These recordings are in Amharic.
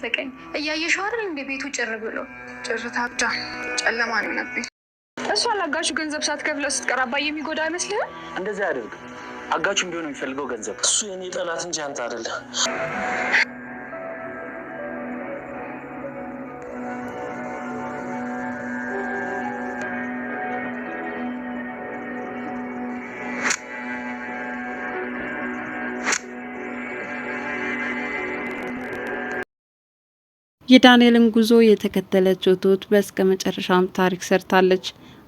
ናፈቀኝ። እያየሽው አይደል እንደ ቤቱ ጭር ብሎ ጭርታ ብቻ ጨለማ ነው ነብኝ። እሱ አላጋሹ ገንዘብ ሳትከፍለው ስትቀራባ የሚጎዳ አይመስልህም? እንደዚህ አያደርግም። አጋቹ ቢሆን የሚፈልገው ገንዘብ እሱ የኔ ጠላት እንጂ አንተ አይደለም። የዳንኤልን ጉዞ የተከተለችው ትሁት በስከ መጨረሻም ታሪክ ሰርታለች።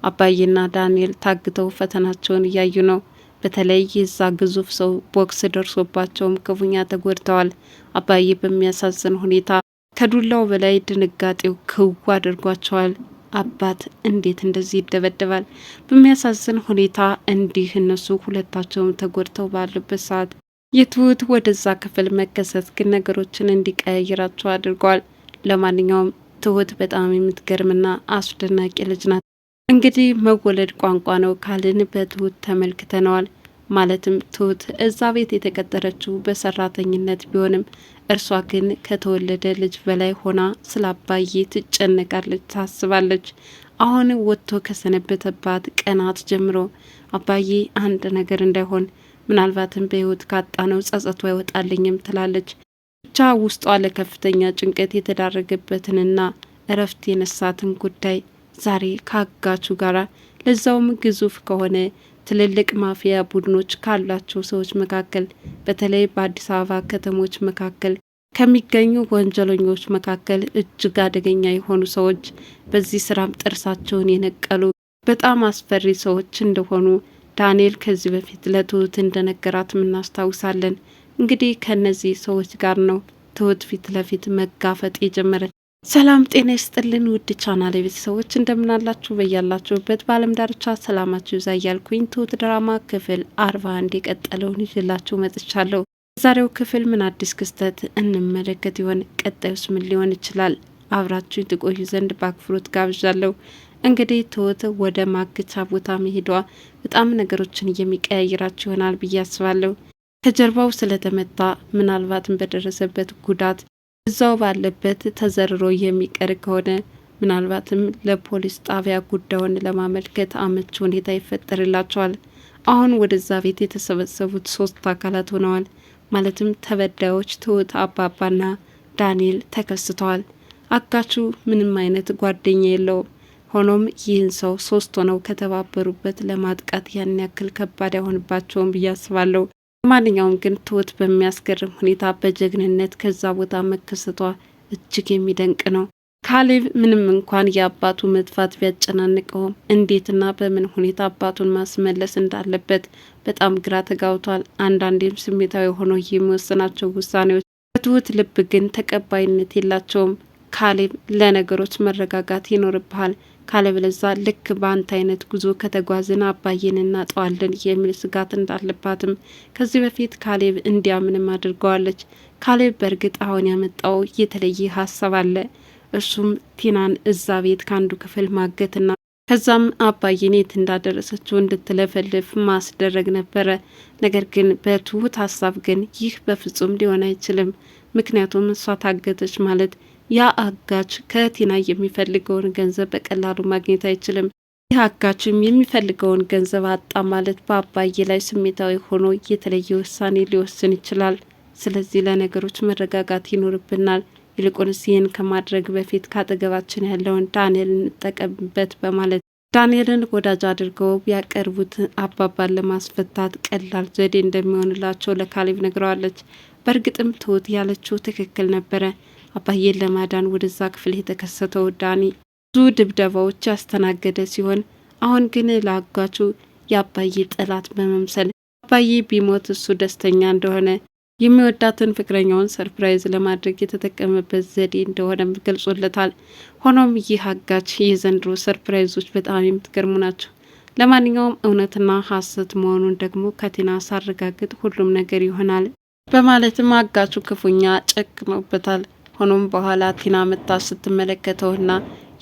አባዬና ዳንኤል ታግተው ፈተናቸውን እያዩ ነው። በተለይ የዛ ግዙፍ ሰው ቦክስ ደርሶባቸውም ክፉኛ ተጎድተዋል። አባዬ በሚያሳዝን ሁኔታ ከዱላው በላይ ድንጋጤው ክው አድርጓቸዋል። አባት እንዴት እንደዚህ ይደበደባል? በሚያሳዝን ሁኔታ እንዲህ እነሱ ሁለታቸውም ተጎድተው ባሉበት ሰዓት የትሁት ወደዛ ክፍል መከሰት ግን ነገሮችን እንዲቀያይራቸው አድርገዋል። ለማንኛውም ትሁት በጣም የምትገርምና አስደናቂ ልጅ ናት። እንግዲህ መወለድ ቋንቋ ነው ካልን በትሁት ተመልክተነዋል። ማለትም ትሁት እዛ ቤት የተቀጠረችው በሰራተኝነት ቢሆንም እርሷ ግን ከተወለደ ልጅ በላይ ሆና ስለ አባዬ ትጨነቃለች፣ ታስባለች። አሁን ወጥቶ ከሰነበተባት ቀናት ጀምሮ አባዬ አንድ ነገር እንዳይሆን ምናልባትም በህይወት ካጣ ነው ጸጸቷ አይወጣልኝም ትላለች። ብቻ ውስጧ ለከፍተኛ ጭንቀት የተዳረገበትንና እረፍት የነሳትን ጉዳይ ዛሬ ከአጋቹ ጋር ለዛውም ግዙፍ ከሆነ ትልልቅ ማፊያ ቡድኖች ካላቸው ሰዎች መካከል በተለይ በአዲስ አበባ ከተሞች መካከል ከሚገኙ ወንጀለኞች መካከል እጅግ አደገኛ የሆኑ ሰዎች በዚህ ስራም ጥርሳቸውን የነቀሉ በጣም አስፈሪ ሰዎች እንደሆኑ ዳንኤል ከዚህ በፊት ለትሁት እንደነገራት እናስታውሳለን። እንግዲህ ከነዚህ ሰዎች ጋር ነው ትሁት ፊት ለፊት መጋፈጥ የጀመረች። ሰላም ጤና ይስጥልን ውድ ቻናል ቤተሰቦች እንደምናላችሁ በያላችሁበት በአለም ዳርቻ ሰላማችሁ ይብዛ እያልኩኝ ትሁት ድራማ ክፍል አርባ አንድ የቀጠለውን ይዤላችሁ መጥቻለሁ። ዛሬው ክፍል ምን አዲስ ክስተት እንመለከት ይሆን? ቀጣዩስ ምን ሊሆን ይችላል? አብራችሁ ትቆዩ ዘንድ በአክብሮት ጋብዣለሁ። እንግዲህ ትሁት ወደ ማግቻ ቦታ መሄዷ በጣም ነገሮችን የሚቀያይራችሁ ይሆናል ብዬ አስባለሁ። ከጀርባው ስለተመታ ምናልባትም በደረሰበት ጉዳት እዛው ባለበት ተዘርሮ የሚቀር ከሆነ ምናልባትም ለፖሊስ ጣቢያ ጉዳዩን ለማመልከት አመች ሁኔታ ይፈጠርላቸዋል። አሁን ወደዛ ቤት የተሰበሰቡት ሶስት አካላት ሆነዋል። ማለትም ተበዳዮች ትሁት፣ አባባና ዳንኤል ተከስተዋል። አጋቹ ምንም አይነት ጓደኛ የለውም። ሆኖም ይህን ሰው ሶስት ሆነው ከተባበሩበት ለማጥቃት ያን ያክል ከባድ አይሆንባቸውም ብዬ አስባለሁ። ማንኛውም ግን ትሁት በሚያስገርም ሁኔታ በጀግንነት ከዛ ቦታ መከሰቷ እጅግ የሚደንቅ ነው። ካሌብ ምንም እንኳን የአባቱ መጥፋት ቢያጨናንቀውም እንዴትና በምን ሁኔታ አባቱን ማስመለስ እንዳለበት በጣም ግራ ተጋብቷል። አንዳንዴም ስሜታዊ ሆኖ የሚወስናቸው ውሳኔዎች በትሁት ልብ ግን ተቀባይነት የላቸውም። ካሌብ ለነገሮች መረጋጋት ይኖርብሃል፣ ካለበለዛ ልክ በአንተ አይነት ጉዞ ከተጓዝን አባዬን እናጠዋለን የሚል ስጋት እንዳለባትም ከዚህ በፊት ካሌብ እንዲያምንም አድርገዋለች። ካሌብ በእርግጥ አሁን ያመጣው የተለየ ሀሳብ አለ። እሱም ቲናን እዛ ቤት ከአንዱ ክፍል ማገትና ከዛም አባዬን የት እንዳደረሰችው እንድትለፈልፍ ማስደረግ ነበረ። ነገር ግን በትሁት ሀሳብ ግን ይህ በፍጹም ሊሆን አይችልም። ምክንያቱም እሷ ታገተች ማለት ያ አጋች ከቲና የሚፈልገውን ገንዘብ በቀላሉ ማግኘት አይችልም። ይህ አጋችም የሚፈልገውን ገንዘብ አጣ ማለት በአባዬ ላይ ስሜታዊ ሆኖ የተለየ ውሳኔ ሊወስን ይችላል። ስለዚህ ለነገሮች መረጋጋት ይኖርብናል። ይልቁንስ ይህን ከማድረግ በፊት ካጠገባችን ያለውን ዳንኤል እንጠቀምበት በማለት ዳንኤልን ወዳጅ አድርገው ያቀርቡት አባባን ለማስፈታት ቀላል ዘዴ እንደሚሆንላቸው ለካሌብ ነግረዋለች። በእርግጥም ትሁት ያለችው ትክክል ነበረ። አባዬን ለማዳን ወደዛ ክፍል የተከሰተው ዳኒ ብዙ ድብደባዎች ያስተናገደ ሲሆን አሁን ግን ለአጋቹ የአባዬ ጠላት በመምሰል አባዬ ቢሞት እሱ ደስተኛ እንደሆነ የሚወዳትን ፍቅረኛውን ሰርፕራይዝ ለማድረግ የተጠቀመበት ዘዴ እንደሆነም ገልጾለታል። ሆኖም ይህ አጋች የዘንድሮ ሰርፕራይዞች በጣም የምትገርሙ ናቸው። ለማንኛውም እውነትና ሐሰት መሆኑን ደግሞ ከቴና ሳረጋግጥ ሁሉም ነገር ይሆናል በማለትም አጋቹ ክፉኛ ጨክመውበታል። ሆኖም በኋላ ቲና መጣ ስትመለከተውና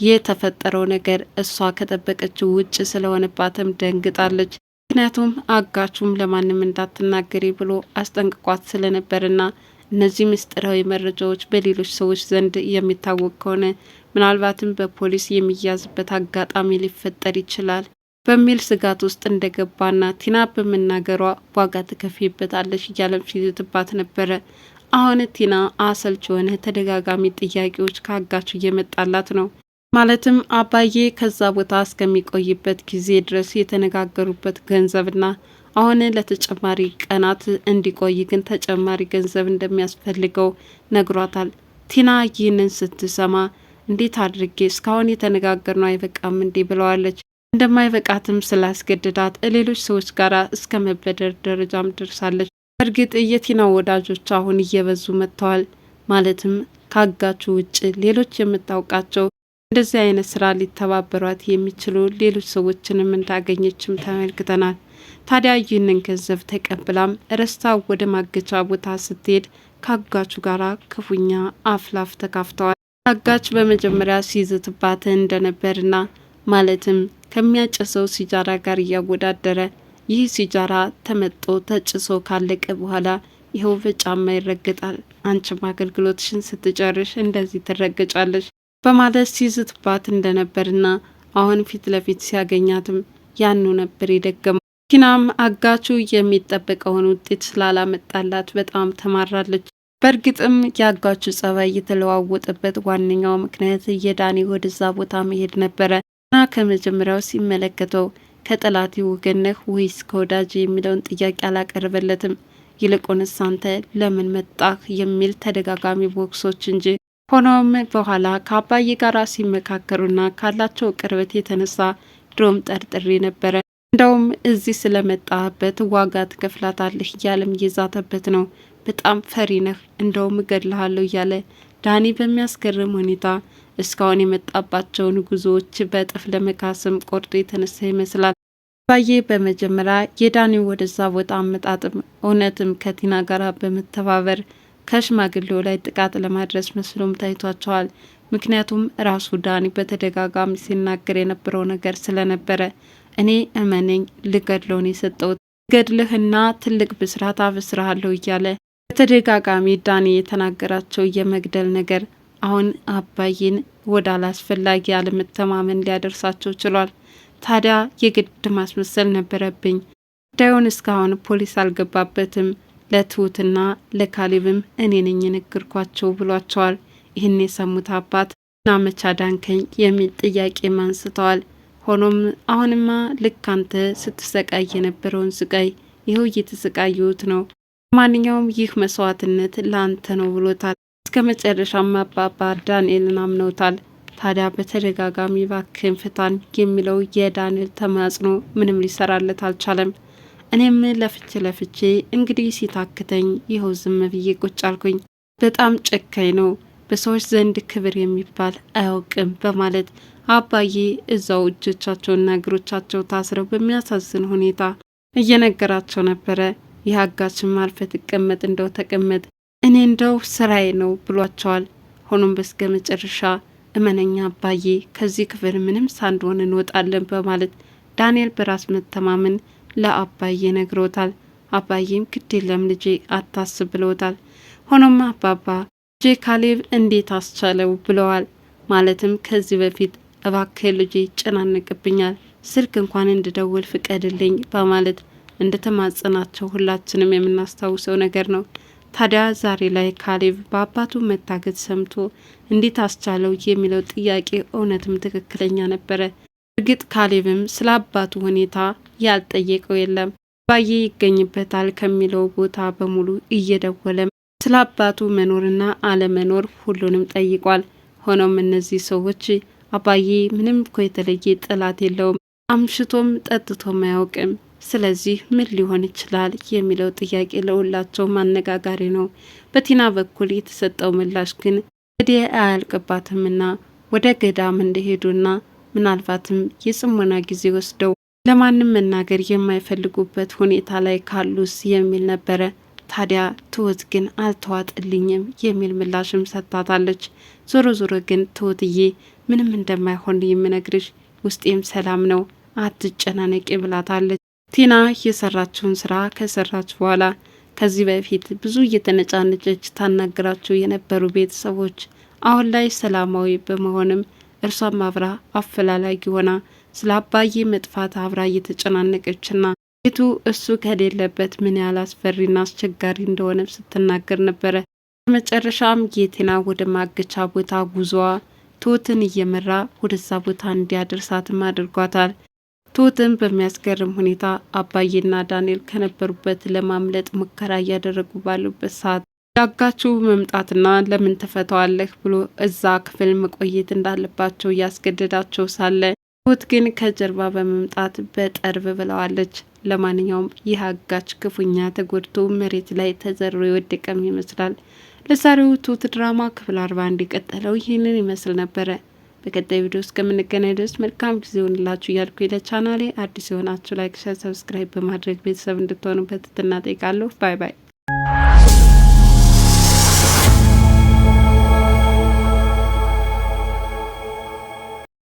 የተፈጠረው ነገር እሷ ከጠበቀችው ውጭ ስለሆነባትም ደንግጣለች። ምክንያቱም አጋቹም ለማንም እንዳትናገሪ ብሎ አስጠንቅቋት ስለነበርና እነዚህ ምስጢራዊ መረጃዎች በሌሎች ሰዎች ዘንድ የሚታወቅ ከሆነ ምናልባትም በፖሊስ የሚያዝበት አጋጣሚ ሊፈጠር ይችላል በሚል ስጋት ውስጥ እንደገባና ቲና በመናገሯ ዋጋ ትከፍይበታለች እያለም ሲዝትባት ነበረ። አሁን ቲና አሰልች የሆነ ተደጋጋሚ ጥያቄዎች ከአጋቹ እየመጣላት ነው። ማለትም አባዬ ከዛ ቦታ እስከሚቆይበት ጊዜ ድረስ የተነጋገሩበት ገንዘብና አሁን ለተጨማሪ ቀናት እንዲቆይ ግን ተጨማሪ ገንዘብ እንደሚያስፈልገው ነግሯታል። ቲና ይህንን ስትሰማ እንዴት አድርጌ እስካሁን የተነጋገርነው አይበቃም እንዴ ብለዋለች። እንደማይበቃትም ስላስገድዳት ሌሎች ሰዎች ጋር እስከ መበደር ደረጃም ደርሳለች። እርግጥ የቲና ወዳጆች አሁን እየበዙ መጥተዋል። ማለትም ካጋቹ ውጭ ሌሎች የምታውቃቸው እንደዚህ አይነት ስራ ሊተባበሯት የሚችሉ ሌሎች ሰዎችንም እንዳገኘችም ተመልክተናል። ታዲያ ይህንን ገንዘብ ተቀብላም ረስታ ወደ ማገቻ ቦታ ስትሄድ ካጋቹ ጋር ክፉኛ አፍላፍ ተካፍተዋል። ካጋች በመጀመሪያ ሲይዝትባት እንደነበርና ማለትም ከሚያጨሰው ሲጃራ ጋር እያወዳደረ ይህ ሲጃራ ተመጦ ተጭሶ ካለቀ በኋላ ይኸው በጫማ ይረግጣል። አንቺም አገልግሎትሽን ስትጨርሽ እንደዚህ ትረግጫለሽ በማለት ሲዝትባት እንደነበርና አሁን ፊት ለፊት ሲያገኛትም ያኑ ነበር የደገመው። ኪናም አጋቹ የሚጠበቀውን ውጤት ስላላመጣላት በጣም ተማራለች። በእርግጥም የአጋቹ ጸባይ የተለዋወጠበት ዋነኛው ምክንያት የዳኒ ወደዛ ቦታ መሄድ ነበረ እና ከመጀመሪያው ሲመለከተው ከጠላቴ ወገን ነህ ወይስ ከወዳጅ የሚለውን ጥያቄ አላቀረበለትም። ይልቁንስ አንተ ለምን መጣህ የሚል ተደጋጋሚ ቦክሶች እንጂ። ሆኖም በኋላ ከአባዬ ጋር ሲመካከሩና ካላቸው ቅርበት የተነሳ ድሮም ጠርጥሬ ነበረ። እንደውም እዚህ ስለመጣህበት ዋጋ ትከፍላታለህ እያለም እየዛተበት ነው። በጣም ፈሪ ነህ፣ እንደውም እገድልሃለሁ እያለ ዳኒ በሚያስገርም ሁኔታ እስካሁን የመጣባቸውን ጉዞዎች በእጥፍ ለመካሰም ቆርጦ የተነሳ ይመስላል። ባዬ በመጀመሪያ የዳኒ ወደዛ ቦታ አመጣጥም እውነትም ከቲና ጋር በመተባበር ከሽማግሌው ላይ ጥቃት ለማድረስ መስሎም ታይቷቸዋል። ምክንያቱም ራሱ ዳኒ በተደጋጋሚ ሲናገር የነበረው ነገር ስለነበረ እኔ እመነኝ ልገድለውን የሰጠውት ገድልህና ትልቅ ብስራት አበስርሃለሁ እያለ በተደጋጋሚ ዳኒ የተናገራቸው የመግደል ነገር አሁን አባይን ወደ አላስፈላጊ አለመተማመን ሊያደርሳቸው ችሏል። ታዲያ የግድ ማስመሰል ነበረብኝ። ጉዳዩን እስካሁን ፖሊስ አልገባበትም። ለትሁትና ለካሌብም እኔ ነኝ የነገርኳቸው ብሏቸዋል። ይህን የሰሙት አባት ና መቻ ዳንከኝ የሚል ጥያቄም አንስተዋል። ሆኖም አሁንማ ልክ አንተ ስትሰቃይ የነበረውን ስቃይ ይኸው እየተሰቃዩት ነው። ማንኛውም ይህ መስዋዕትነት ለአንተ ነው ብሎታል። እስከ መጨረሻም አባባ ዳንኤልን አምነውታል። ታዲያ በተደጋጋሚ እባክህን ፍታን የሚለው የዳንኤል ተማጽኖ ምንም ሊሰራለት አልቻለም። እኔም ለፍቼ ለፍቼ እንግዲህ ሲታክተኝ ይኸው ዝም ብዬ ቁጭ አልኩኝ። በጣም ጨካኝ ነው፣ በሰዎች ዘንድ ክብር የሚባል አያውቅም በማለት አባዬ እዛው እጆቻቸውና እግሮቻቸው ታስረው በሚያሳዝን ሁኔታ እየነገራቸው ነበረ። የሀጋችን አጋችም እቀመጥ እንደው ተቀመጥ እኔ እንደው ስራዬ ነው ብሏቸዋል። ሆኖም በስተ መጨረሻ እመነኛ አባዬ ከዚህ ክፍል ምንም ሳንድሆን እንወጣለን በማለት ዳንኤል በራስ መተማመን ለአባዬ ነግሮታል። አባዬም ግድ የለም ልጄ አታስብ ብለውታል። ሆኖም አባባ ልጄ ካሌብ እንዴት አስቻለው ብለዋል። ማለትም ከዚህ በፊት እባክህ ልጄ ጨናነቅብኛል፣ ስልክ እንኳን እንድደውል ፍቀድልኝ በማለት እንደተማጸናቸው ሁላችንም የምናስታውሰው ነገር ነው። ታዲያ ዛሬ ላይ ካሌብ በአባቱ መታገት ሰምቶ እንዴት አስቻለው የሚለው ጥያቄ እውነትም ትክክለኛ ነበረ። እርግጥ ካሌብም ስለ አባቱ ሁኔታ ያልጠየቀው የለም። አባዬ ይገኝበታል ከሚለው ቦታ በሙሉ እየደወለም ስለ አባቱ መኖርና አለመኖር ሁሉንም ጠይቋል። ሆኖም እነዚህ ሰዎች አባዬ ምንም እኮ የተለየ ጠላት የለውም፣ አምሽቶም ጠጥቶም አያውቅም ስለዚህ ምን ሊሆን ይችላል የሚለው ጥያቄ ለሁላቸውም አነጋጋሪ ነው። በቲና በኩል የተሰጠው ምላሽ ግን ወደ አያልቅባትምና ወደ ገዳም እንደሄዱና ምናልባትም የጽሞና ጊዜ ወስደው ለማንም መናገር የማይፈልጉበት ሁኔታ ላይ ካሉስ የሚል ነበረ። ታዲያ ትሁት ግን አልተዋጥልኝም የሚል ምላሽም ሰጥታታለች። ዞሮ ዞሮ ግን ትሁትዬ ምንም እንደማይሆን የምነግርሽ ውስጤም ሰላም ነው፣ አትጨናነቂ ብላታለች። ቲና የሰራችውን ስራ ከሰራች በኋላ ከዚህ በፊት ብዙ እየተነጫነጨች ታናግራቸው የነበሩ ቤተሰቦች አሁን ላይ ሰላማዊ በመሆንም እርሷም አብራ አፈላላጊ ሆና ስለ አባዬ መጥፋት አብራ እየተጨናነቀችና ቤቱ እሱ ከሌለበት ምን ያህል አስፈሪና አስቸጋሪ እንደሆነ ስትናገር ነበረ። በመጨረሻም የቴና ወደ ማገቻ ቦታ ጉዞዋ ትሁትን እየመራ ወደዛ ቦታ እንዲያደርሳትም አድርጓታል። ትሁትም በሚያስገርም ሁኔታ አባዬና ዳንኤል ከነበሩበት ለማምለጥ ሙከራ እያደረጉ ባሉበት ሰዓት ዳጋችሁ መምጣትና ለምን ተፈተዋለህ ብሎ እዛ ክፍል መቆየት እንዳለባቸው እያስገደዳቸው ሳለ ትሁት ግን ከጀርባ በመምጣት በጠርብ ብለዋለች። ለማንኛውም ይህ አጋች ክፉኛ ተጎድቶ መሬት ላይ ተዘሮ የወደቀም ይመስላል። ለዛሬው ትሁት ድራማ ክፍል አርባ አንድ የቀጠለው ይህንን ይመስል ነበረ። በቀጣይ ቪዲዮ እስከምንገናኝ ድረስ መልካም ጊዜ ሆንላችሁ እያልኩ ለቻናሌ አዲስ የሆናችሁ ላይክ፣ ሸር፣ ሰብስክራይብ በማድረግ ቤተሰብ እንድትሆኑበት ትትና ባይ ባይ።